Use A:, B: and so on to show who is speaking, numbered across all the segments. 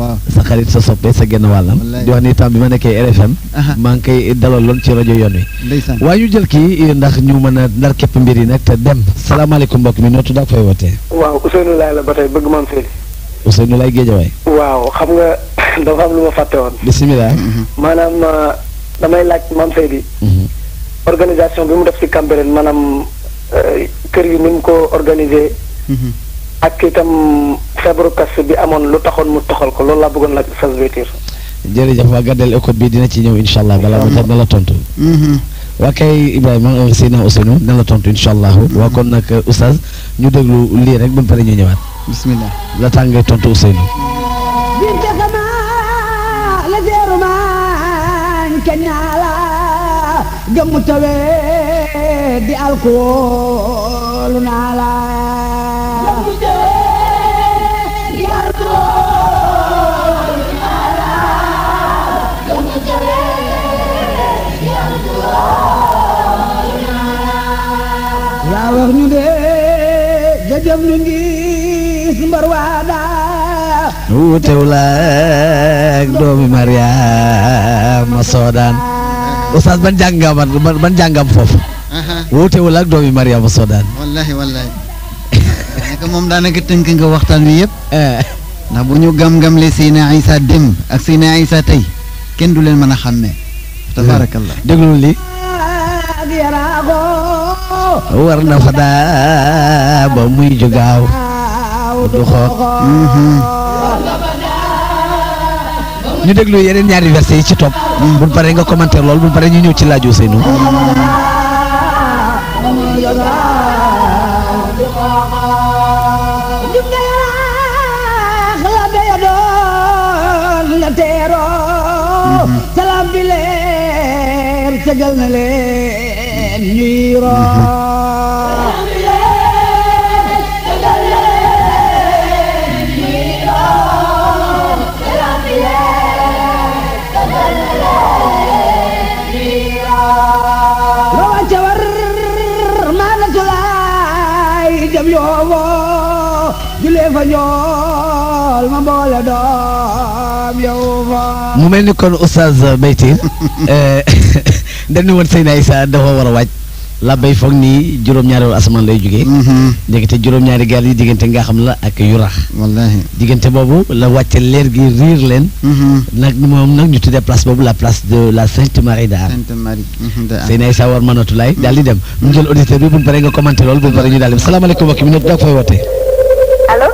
A: waaw sa xarit sa soppe sa genn wàllam di wax ni temps bi ma nekkee RFM ma ngi koy dalaloon ci rajo yoon wi waaye ñu jël kii eh, ndax ñu mën a ndar képp mbir yi nag te dem salaamaaleykum mbokk mi noo tudd ak fay wootee waaw Ousseynou Laye la ba tey bëgg maam Seydi Ousseynou Laye Géejawaay waaw xam nga dafa am lu ma fàtte woon bisimilah mhm. maanaam euh, damay laaj maam Seydi mhm. organisation bi mu def ci Cambérène maanaam euh, kër yi ni mu ko organisé mhm. ak itam feebaru kas bi amon lu taxoon mu toxal ko loolu laa bëggoon laaj sa wéetir bi dina ci allah balaa ma la tontu mm-hmm. waa kay Ibrahima euh, Seydina Ousseynou dina la tontu allah mm-hmm. kon nag euh, oustaz ñu déglu lii rek ba pare ñu ñëwaat bismillah la tàngee tontu Ousseynou la di alcool ñu de jajam lu ngis mbar waada wutewlaak doomi mariam sodan ustaz ban jangam ban jangam fofu doomi sodan
B: wallahi wallahi nek mom danaka teunk nga waxtan wi yeb eh. na buñu gam gam le sina isa dem ak sina isa tay ken du len mëna xamé eh. tabarakallah deglu li war na fa daa
A: ba muy jugaaw du xool mhm. ñu déglu yeneen ñaari versets ci topp bu pare nga commenter lool bu pare ñu ñëw ci laajoo seenu mhm. salaam bi leer tegal leer تدميرا mu mel ni kon oustaz Mbaye Tine dañ ne woon na isa dafa war a wàcc bay foog ni juróom-ñaari wal asamaan lay jógee ndekete mhm. juróom-ñaari gaal yi diggante nga xam la ak yurax wallaahi diggante boobu la wàcce leer gi riir leen nag moom nag ñu tuddee place boobu la place de la Sainte Marie d'Anne Sainte Marie Seydina Issa war mënatulaay daal di dem ñu jël auditeur bi bu paree nga commenté loolu bu paree ñu daal di salaamaaleykum mbokk mi nag doog fay wootee allo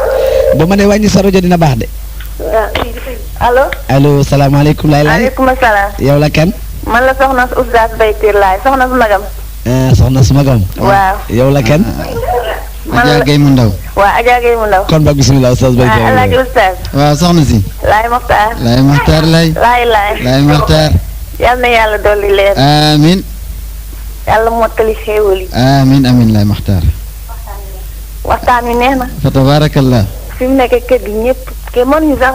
A: ba ma ne wàññi sa rajo dina baax de allo allo salaamaaleykum lay lay aleykum salaam yow ya, la kenn. man la soxna su Oustaz Baytir laay soxna su magam. Eh, soxna yow la kenn. man la
B: Adja Gueye ndaw. kon ba bisimilah Oustaz Baytir. Ah, waaw soxna si.
A: laay Mokhtar. laay
B: Mokhtar laay. laay
A: laay. laay Mokhtar. yal yàlla dolli leer.
B: amiin. yàlla mottali xéewal yi. amiin amiin laay Mokhtar. waxtaan wi neex fa tabaarakallah. fi mu nekk kër gi ñëpp. ke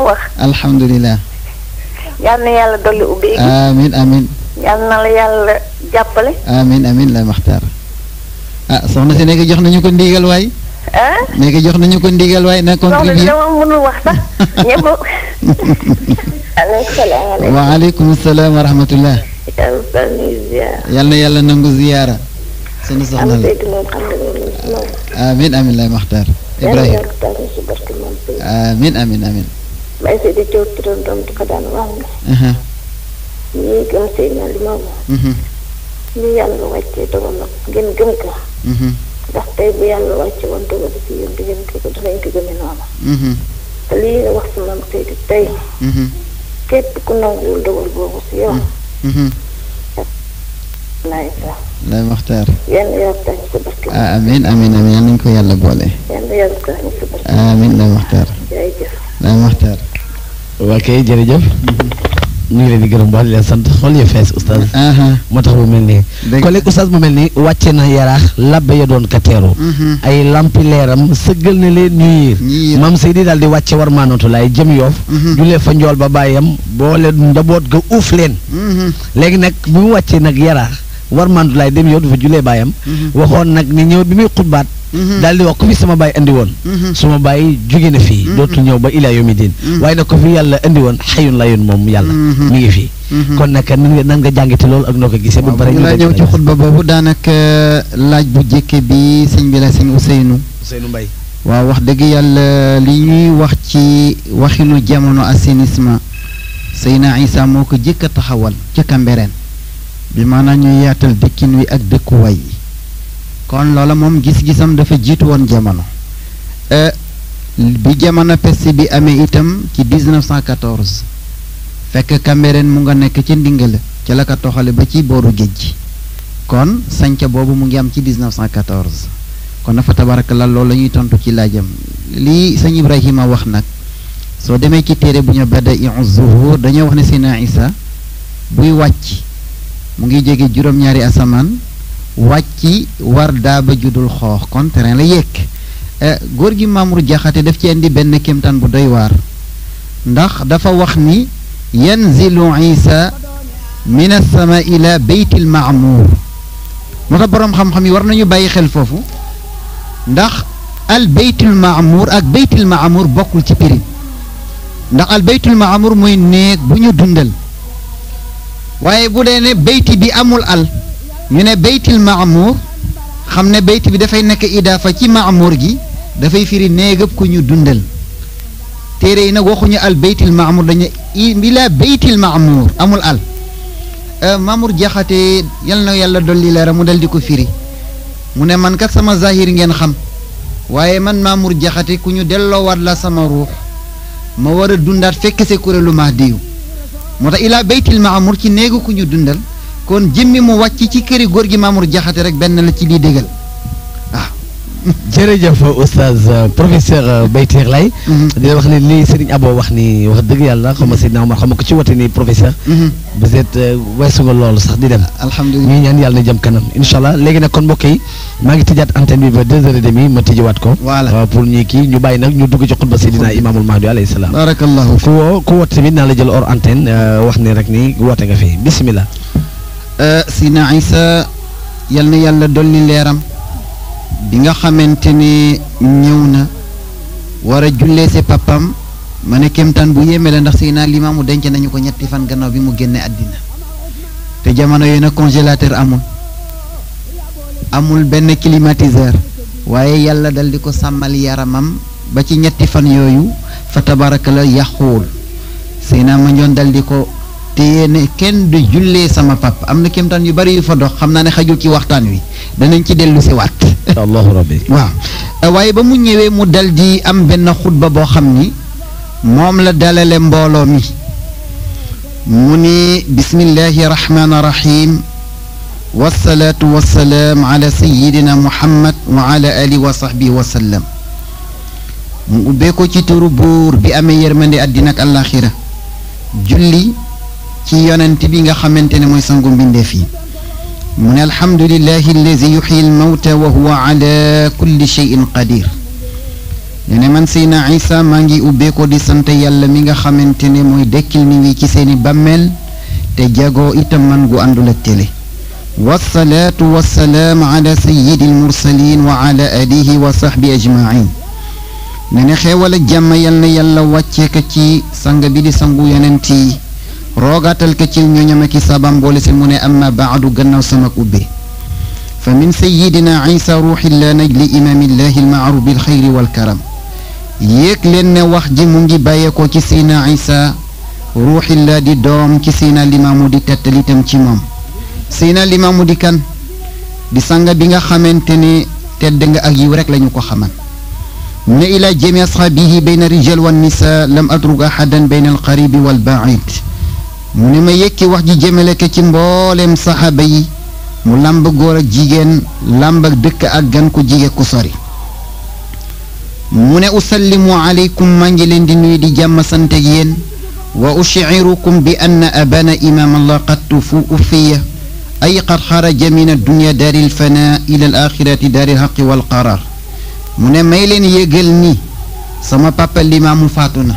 B: wax. alhamdulilah. yal na yàlla dolli ubbi. amiin yàlla na la yàlla jàppale. amin amin la maxtaar ah, soxna si nekk jox nañu ko ndigal waay. nekk jox nañu ko ndigal waay na contribuer soxna dama mënul wax sax ñëpp.
A: salaamaaleykum
B: yal na yàlla nangu ziyaara. sunu soxna la amin amin lay maxtaar Ibrahima amin amin amin.
A: ngeen ndax te lii nga wax si moom Seydou tey. képp ku nanguwul dogal boobu si yow. laay sax. laay waxtaar. yàlla
B: yàlla ñu si yàlla boole.
A: laay
B: waxtaar. laay waxtaar.
A: waa kay jërëjëf. ñu ngi leen di gërëm baax di leen sant xool ya fees oustaz. moo tax mu mel nii. dëgg collègue oustaz mel nii wàcce na yaraax labbe ya doon ka mhm. ay lampi sëggal na leen ñu yiir maam Seydi daal di wàcce war maanootu laay jëm yoof mhm. julee fa njool ba bàyyam boole njaboot ga uuf leen. Mhm. léegi nag bu mu wàccee nag yaraax war maanootu laay dem yow du fa julee bàyyam. waxoon nag ni ñëw bi muy xutbaat. Mm-hmm. daal di wax ku fi sama baay indi woon mm-hmm. suma baay jóge na fii mm-hmm. dootul ñëw ba ilaa yawmi diin waaye nag ko fi yàlla indi woon xayun layun moom yàlla mi ngi fii kon nag nan nga nan nga loolu ak noo ko gisee ba pare ñëw ci
B: xutba boobu daanaka euh, laaj bu jëkke bi sëñ bi la sëñ Ousseynou Ousseynou Mbaye waaw wax dëgg yàlla li ñuy wax ci waxinu jamono assainissement Seyna Isa moo ko jëkk taxawal ca Cambérène bi maanaam ñuy yaatal dëkkin wi ak dëkkuwaay yi kon loola moom gis-gisam dafa jiitu woon jamono e, bi jamono peste bi amee itam ci 1914 fekk kameren mu nga nekk ci ndingala ca la ka toxale ba ci booru géej gi kon sanca boobu mu ngi am ci 1914 kon dafa tabarakallah loolu la ñuy tontu ci laajam lii sëñ Ibrahima wax nag soo demee ci téere bu ñu bada iu zuhur dañoo wax ne Sina Isa buy wàcc mu ngi jóge juróom-ñaari asamaan wàcci war daaba judul xoox kon terrain la yéeg góor gi Mamour jaxate daf ci indi benn kéemtaan bu doy waar ndax dafa wax ni yanzilu isa min alsama ila beyt almaamuur moo tax borom xam-xam yi war nañu bàyyi xel foofu ndax al beytul maamuur ak beytul maamuur bokkul ci prix ndax al beytul maamuur mooy néeg bu ñu dundal waaye bu dee ne beyti bi amul al ñu ne baytil maamuur xam ne bayt bi dafay nekk idaafa ci maamuur gi dafay firi néegab ku ñu dundal téere yi nag waxuñu al baytil maamuur dañu ila baytil maamuur amul al euh, maamuur jaxate yal na yàlla dolli leera mu dal di ko firi mu ne man kat sama zahir ngeen xam waaye man maamuur jaxate ku ñu delloowaat la sama ruux ma war a dundaat fekk se kuréelu mahdiyu moo tax ila baytil maamuur ci néegu ku ñu dundal kon jëmmi mu wàcc ci këri góor gi Mamour Diakhaté rek benn la ci lii déggal ah. jërëjëf
A: oustaz euh, professeur euh, Baytir Lay mhm. dina wax ne lii Serigne Abo wax ni wax dëgg yàlla xaw ma Seydina Omar xaw ma ko ci wate ni professeur mhm. vous êtes euh, weesu nga loolu sax di dem alhamdulilah ñuy ñaan yàlla na jëm kanam incha allah léegi nag kon mbokk yi maa ngi tëjaat antenne bi ba deux heures et demie ma tëjiwaat ko voilà pour ñii kii ñu bàyyi nag ñu dugg ci xutba Seydina Imaamul Mahdi alayhi salaam
B: barakallahu ku woo
A: ku woote tamit naa la jël hors antenne wax ne rek ni woote nga fi Euh, Sina
B: Isa yal na yàlla dolli leeram bi nga xamante ne ñëw na wara a jullee se papam ma ne kemtaan bu yéeme la ndax Sina Limaamu denc nañu ko ñetti fan gannaaw bi mu génne àddina te jamono yooyu nag congélateur amul amul benn climatiseur waaye yàlla dal di ko sàmmal yaramam ba ci ñetti fan yooyu fa tabaraka la yàquwul Sina ma ñoon dal ko. te yéen kenn du jullee sama pap am na kéemtaan yu bari yu fa dox xam naa ne xajul ci waxtaan wi danañ ci dellu si waat. allahu rabbi waaw waaye ba mu ñëwee mu dal di am benn xutba boo xam ni moom la dalale mbooloo mi mu ni bismillahi rahmaani rahim wasalaatu wasalaam ala sayidina muhammad wa ala ali wa sahbihi wa sallam mu ubbee ko ci turu buur bi amee yërmande àddina ak àllaaxira julli. ci yonent bi nga xamantene moy mooy sangu mbindeef yi mu alhamdulillahi allazi yuhyil mauta wa huwa ala kulli shay'in qadir ene man sina Isa mangi ubbe ko di sante yàlla mi nga xamantene moy dekkil ni wi ci seni bammel te jago itam man gu àndul ak télé wassalatu wasalaam ala sayyidil mursalin wa ala alihi wa sahbi ajmain nene ne jàmm yalla yalla wacce ka ci sang bi di sangu yonenti rogatal ke ci ñooñam ak i sabam boole si mu amma ba'du gannaaw sama kubbe fa min sayyidina isa ruuxillah najli bil khair wal walkaram yek len ne wax ji mu ngi ko ci seyna isa ruuxillah di dom ci seyna limam di tettalitam ci mom seyna limam di kan di sanga bi nga xamanteni tedd nga ak yiw rek lañu ko xamal من إلى جميع أصحابه بين الرجال والنساء لم أترك أحدا بين القريب والبعيد mune ma yëkki wax ji jemele ke ci mbollem sahaba yi mu làmb góor ak jigen làmb ak dëkk ak gan ko jige ko sori mune usallimu alaykum maa ngi di nuy di jam sante ak yéen wa ushirukum bi anna abana imam allah qad tufu ufiya ay qad kharaja min ad-dunya daril fana ila al akhirati daril haqq wal qarar mune may len yëgal ni sama papa limam fatuna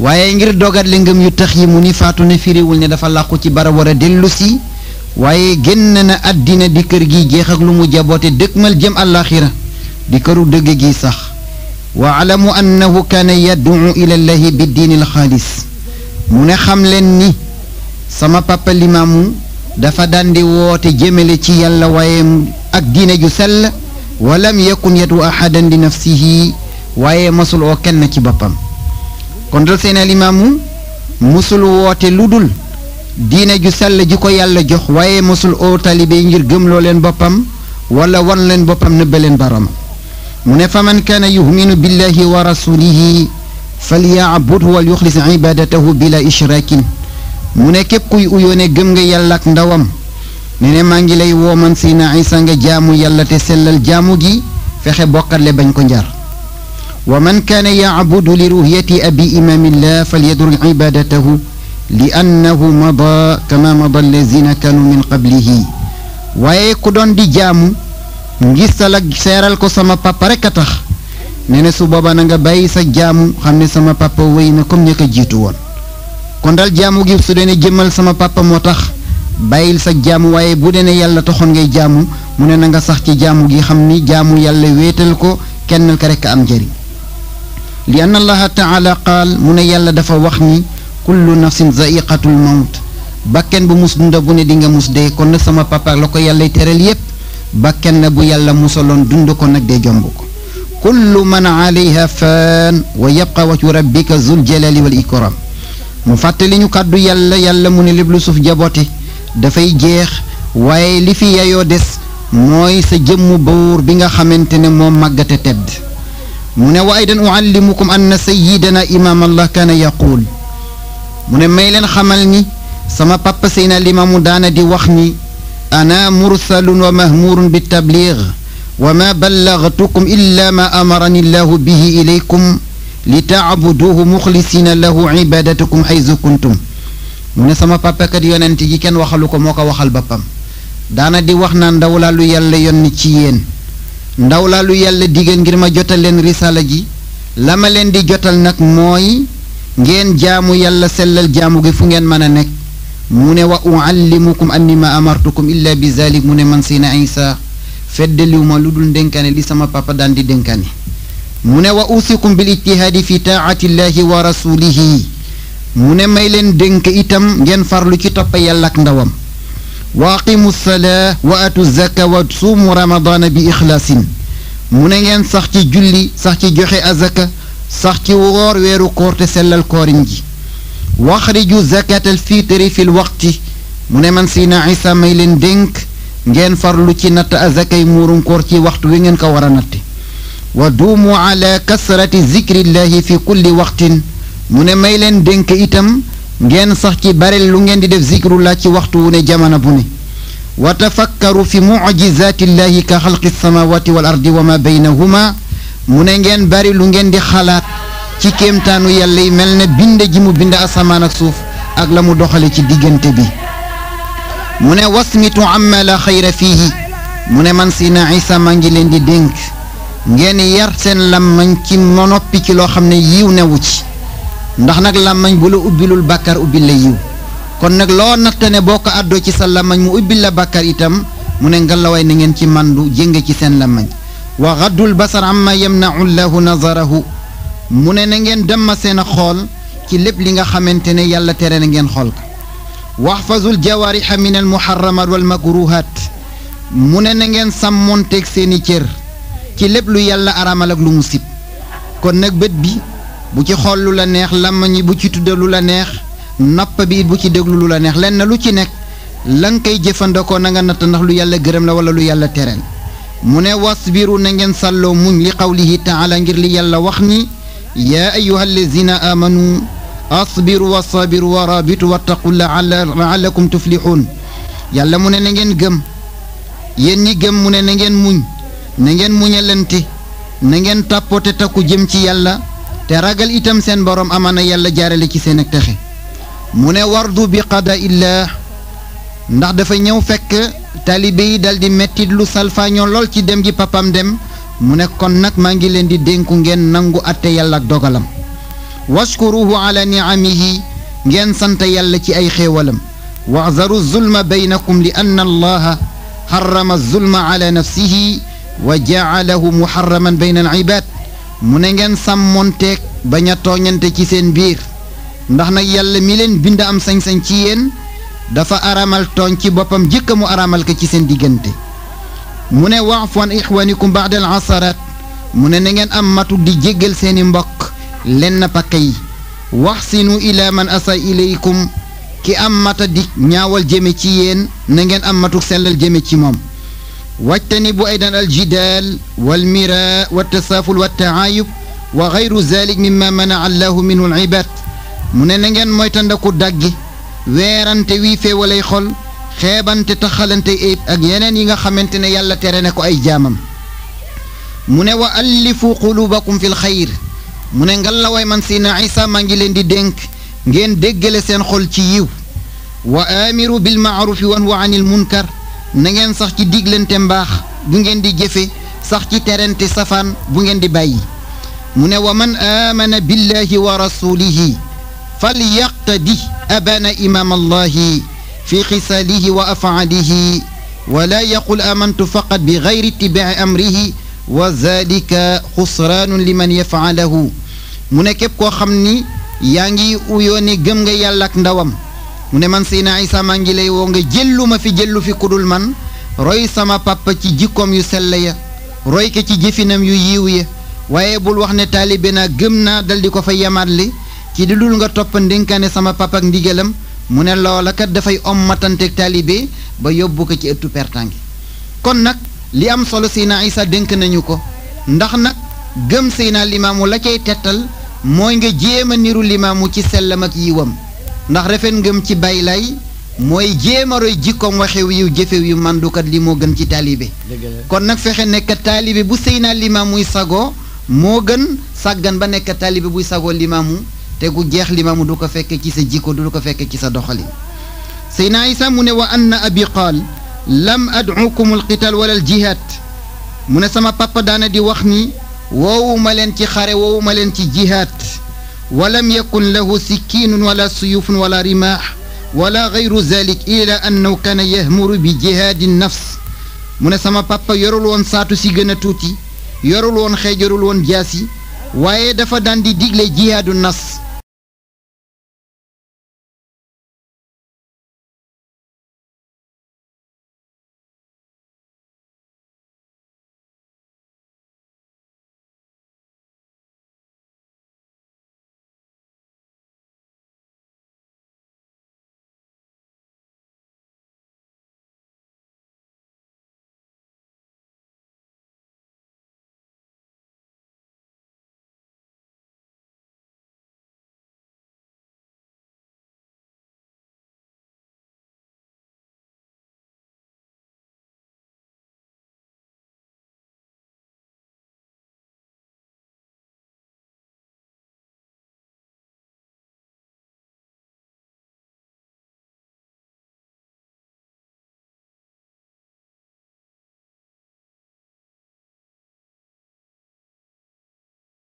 B: waye ngir dogat le ngam yu tax yi mu ni ne firi wul ne dafa laqku ci bara wara delusi waye génn na adina di keur gi jeex ak lu mu jabote dëkkmal jëm àllaaxira di keuru deug gi sax wa alamu annahu kana yad'u ila allahi bid-din al-khalis mune xam len ni sama papa limamu dafa dandi wote jemele ci yàlla waye ak diine ju sel ولم يكن yadu ahadan لنفسه ويمسل وكن كبابا kon dal seen alimaamu musul woote lu dul diine ju sell ji ko yàlla jox waaye musul oo taalibe yi ngir gëmloo leen boppam wala wan leen boppam nëbba leen baram mu ne fa man kaana yuminu billahi wa rasulihi falyabud wal yuxlis ibadatahu bila ishraakin mu ne képp kuy uyoone gëm nga yàlla ak ndawam ne ne maa ngi lay wooman si na isa nga jaamu yàlla te sellal jaamu gi fexe bokkale bañ ko njar ومن كان يعبد لرؤية أبي إمام الله فليدر عبادته لأنه مضى كما مضى الذين كانوا من قبله ويكدون دي جامو نجيسالا سيرال كو سما بابا ركتخ نيني بابا نغا بايس سا جامو خامني سما بابا وين كوم نيكا جيتو وون جامو جيب سو ديني جيمال سما بابا موتخ بايل سا جامو واي بو يالا تخون جامو مون نغا ساخ جامو جي خامني جامو يالا ويتال كو كنل كريك لأن الله تعالى قال من يلا دفا وخني كل نفس زائقة الموت بكن بمسلم دبون دينغ مسدي كون سما بابا لوكو يلا تيرل ييب بكن نبو يلا مسلون دوندو كون نك دي كل من عليها فان ويبقى وجه ربك ذو الجلال والاكرام مفاتلي ني كادو يلا يلا من لبلوسوف جابوتي دا فاي جيخ واي لي في يايو ديس موي سا جيمو بور بيغا خامتيني موم ماغاتا تيد من وايضا اعلمكم ان سيدنا امام الله كان يقول من ميل خملني سما بابا سينا الامام دانا دي وخني انا مرسل ومهمور بالتبليغ وما بلغتكم الا ما امرني الله به اليكم لتعبدوه مخلصين له عبادتكم حيث كنتم من سما بابا كد يوننتي كان وخلوكم وكا وخل بابام دانا دي وخنا ندولا لو يالا يوني ndaw laalu lu yàlla digéen ngir ma jotal leen risaala ji la ma leen di jotal nag mooy ngeen jaamu yàlla sellal jaamu gi fu ngeen mën a nekk mu ne wa uallimukum anni ma amartukum illa bi zalik mu ne man sina isa feddaliwu ma lu dul ndénkaane li sama papa daan di mu ne wa usikum bil ijtihaadi fi taatillahi wa rasulihi mu ne may leen dénk itam ngeen farlu ci topp yàlla ak ndawam واقموا الصلاة وآتوا الزكاة وصوموا رمضان بإخلاص من ين صحتي جولي صحتي جوخي أزكا صحتي وغور ويرو كورت سلال كورنجي واخرجوا زكاة الفطر في الوقت من من سينا عيسى ميلين دينك ген فرلو تي نتا أزكا يمورون كورتي وقت وينين كورانات ودوموا على كسرة ذكر الله في كل وقت من ميلين دينك إتم ngeen sax ci bareel lu ngeen di def zikrullah ci waxtu wu ne jamana bu ne wa tafakkaru fi mu'jizati llahi ka xalqi samawati wal ardi wa ma baynahuma mu ne ngeen bari lu ngeen di xalaat ci kéemtaanu yàlla yi mel ne bind ji mu binde asamaan ak suuf ak la mu doxale ci diggante bi mu ne wasmitu amma la xayra fiihi mu ne man sina isa maa ngi leen di dénk ngeen yar seen mañ ci noppi ci loo xam ne yiw newu ci ndax nak lamagn bu la ubbilul bàkkar ubbil la yiw kon nak lo natane boko addo ci sa làmmañ mu ubbil la bàkkar itam mune ngal ngalawaay na ngeen ci màndu jénge ci sen lamagn wa ghadul basar amma yamnau lahu nazarahu mune ne na ngeen dem ma sen xol ci lépp li nga xamantene yàlla tere na ngeen xol ko waxfazul jawarih min al muharramat wal makruhat mune ne na ngeen sàmmoonteeg seeni cër ci lépp lu yàlla araamal ak lu musib kon nak bët bi bu ci xool lu la neex làmmiñ bu ci tudde lu la neex nopp bi it bu ci déglu lu la neex lenn lu ci nekk la nga koy na nga natt ndax lu yàlla gërëm la wala lu yàlla tereen mu ne wasbiru na ngeen sàlloo muñ li qawlihi taala ngir li yàlla wax ni yaa ayuha allazina amanu asbiru wa sabiru wa rabitu wattaqu laalakum tuflixuun yàlla mu ne na ngeen gëm yéen ñi gëm mu ne na ngeen muñ na ngeen muñalante na ngeen tàppote takku jëm ci yàlla te ragal itam seen borom amana yàlla jaarale ci seen ak taxé mune wardu bi qada illa ndax dafa ñëw fekk taalibe yi dal metti lu salfa ñoo lol ci dem ji papam dem mune kon nak ma ngi leen di dénku ngeen nangu atte yàlla ak dogalam washkuruhu ala niamihi ngeen sante yàlla ci ay xéewalam wa'zaru zulma bainakum li anna allah harrama zulma ala nafsihi وجعله محرما بين العباد mu ne ngeen sàmmonteeg bañ a tooñante ci seen biir ndax nag yàlla mi leen bind am sañ ci yéen dafa aramal tooñ ci boppam jëkk mu aramal ko ci seen diggante mu ne wax wa'fu an mbax ba'dal asarat mu ne na ngeen am matu di jéggal seeni mbokk lenn pakk yi waxsinu ila man asa ilaykum ki am mata di ñaawal jëme ci yéen na ngeen am matuk sellal jëme ci moom واجتنبوا أيضا الجدال والمراء والتسافل والتعايب وغير ذلك مما منع الله منه العباد من نجان مايتان دكو داجي ويران تيوي في ولي خول خيبان تتخلن تي اك يانن ييغا خامتني يالا تيرن كو اي جامم من والفوا قلوبكم في الخير من نغال لا واي مان سينا عيسى ماغي لين دي دنك نين ديغل سين خول تي يو وامروا بالمعروف وانهوا عن المنكر نعن كي ديغلن تمباخ بعن دي جفي سخي ترن تسافن بعن دي باي من ومن آمن بالله ورسوله فليقتدي أبان إمام الله في خصاله وأفعاله ولا يقول آمنت فقط بغير اتباع أمره وذلك خسران لمن يفعله من كيف كو خمني يانغي ويوني غمغي يالاك ندوام mu ne man Seydina Isa maa ngi lay woo nga jëllu ma fi jëllu fi ku dul man roy sama papa ci jikkoom yu sell ya roy ko ci jëfinam yu yiiw ya waaye bul wax ne taalibe naa gëm naa dal di ko fa yemaat li kii di dul nga topp ndénkaane sama papa ak ndigalam mu ne loola kat dafay ommatanteeg taalibe ba yóbbu ko ci ëttu pertangi kon nag li am solo Seydina Isa dénk nañu ko ndax nag gëm Seydina limaamu la cay tettal mooy nga jéem a niru limaamu ci sellam ak yiwam ndax refen ngeum ci baylay moy mooy jéem a roy jikkoom waxew yu jëfew yu mandukat li mo gën ci talibé kon nak fexe nek talibé bu seyna naa limaam muy sagoo moo gën sàggan ba nek talibé bu sago limaamu te gu jeex limaamu du ko fekke ci sa jikko du ko fekke ci sa doxali seyna Isa muné wa anna abi qal lam ad'ukum alqital wala aljihad muné sama papa dana di wax ni wowuma len ci xare wowuma len ci jihad ولم يكن له سكين ولا سيوف ولا رماح wala gayru zalik ila annahu kana yahmuru bi jihaadi nafs mu ne sama papa yorul woon saatu si gën a tuuti yorul woon xeej yorul woon jaas yi waaye dafa daan di digle jihaadu nafs